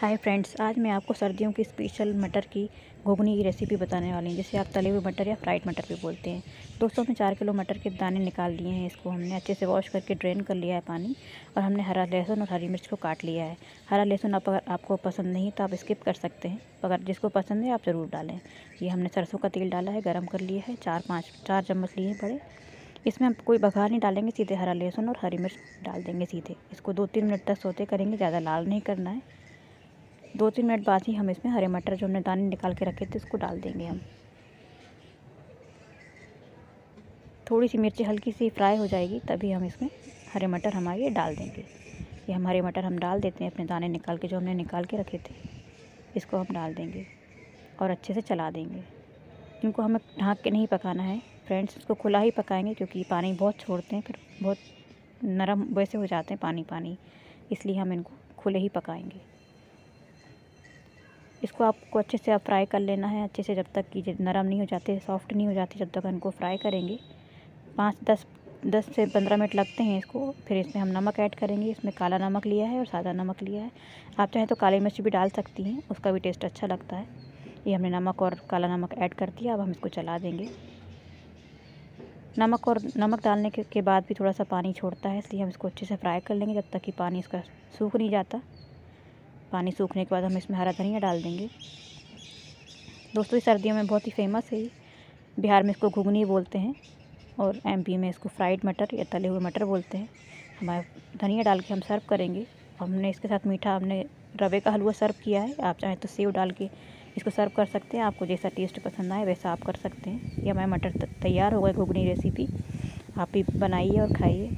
हाय friends आज मैं आपको सर्दियों की स्पेशल मटर की घुगनी की रेसिपी बताने वाली हूँ जिसे आप तले हुए मटर या फ्राइड मटर भी बोलते हैं दोस्तों हमने चार किलो मटर के दाने निकाल लिए हैं इसको हमने अच्छे से वॉश करके ड्रेन कर लिया है पानी और हमने हरा लहसुन और हरी मिर्च को काट लिया है हरा लहसुन आप अगर आपको पसंद नहीं तो आप स्किप कर सकते हैं अगर जिसको पसंद है आप ज़रूर डालें ये हमने सरसों का तेल डाला है गर्म कर लिया है चार पाँच चार चम्मच लिए हैं बड़े इसमें हम कोई बघार नहीं डालेंगे सीधे हरा लहसुन और हरी मिर्च डाल देंगे सीधे इसको दो तीन मिनट तक सोते करेंगे ज़्यादा लाल नहीं करना है दो तीन मिनट बाद ही हम इसमें हरे मटर जो हमने दाने निकाल के रखे थे उसको डाल देंगे हम थोड़ी सी मिर्ची हल्की सी फ्राई हो जाएगी तभी हम इसमें हरे मटर हमारे डाल देंगे ये हम हरे मटर हम डाल देते हैं अपने दाने निकाल के जो हमने निकाल के रखे थे इसको हम डाल देंगे और अच्छे से चला देंगे इनको हमें ढाँक के नहीं पकाना है फ्रेंड्स इसको खुला ही पकाएंगे क्योंकि पानी बहुत छोड़ते हैं फिर बहुत नरम वैसे हो जाते हैं पानी पानी इसलिए हम इनको खुले ही पकाएंगे इसको आपको अच्छे से आप फ्राई कर लेना है अच्छे से जब तक कि नरम नहीं हो जाते सॉफ्ट नहीं हो जाते जब तक इनको फ्राई करेंगे पाँच दस दस से पंद्रह मिनट लगते हैं इसको फिर इसमें हम नमक ऐड करेंगे इसमें काला नमक लिया है और सादा नमक लिया है आप चाहें तो काली मिर्च भी डाल सकती हैं उसका भी टेस्ट अच्छा लगता है ये हमने नमक और काला नमक ऐड कर दिया अब हम इसको चला देंगे नमक और नमक डालने के, के बाद भी थोड़ा सा पानी छोड़ता है इसलिए हम इसको अच्छे से फ्राई कर लेंगे जब तक कि पानी इसका सूख नहीं जाता पानी सूखने के बाद हम इसमें हरा धनिया डाल देंगे दोस्तों ये सर्दियों में बहुत ही फेमस है बिहार में इसको घुगनी बोलते हैं और एमपी में इसको फ्राइड मटर या तले हुए मटर बोलते हैं हमारे धनिया डाल के हम सर्व करेंगे हमने इसके साथ मीठा हमने रवे का हलवा सर्व किया है आप चाहें तो सेव डाल के इसको सर्व कर सकते हैं आपको जैसा टेस्ट पसंद आए वैसा आप कर सकते हैं ये हमारे मटर तैयार हो गए घुगनी रेसिपी आप भी बनाइए और खाइए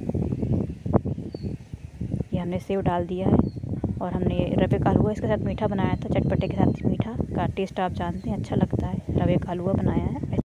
ये हमने सेव डाल दिया है और हमने रवे का हलवा इसके साथ मीठा बनाया था चटपटे के साथ मीठा का टेस्ट आप जानते हैं अच्छा लगता है रवे का हलवा बनाया है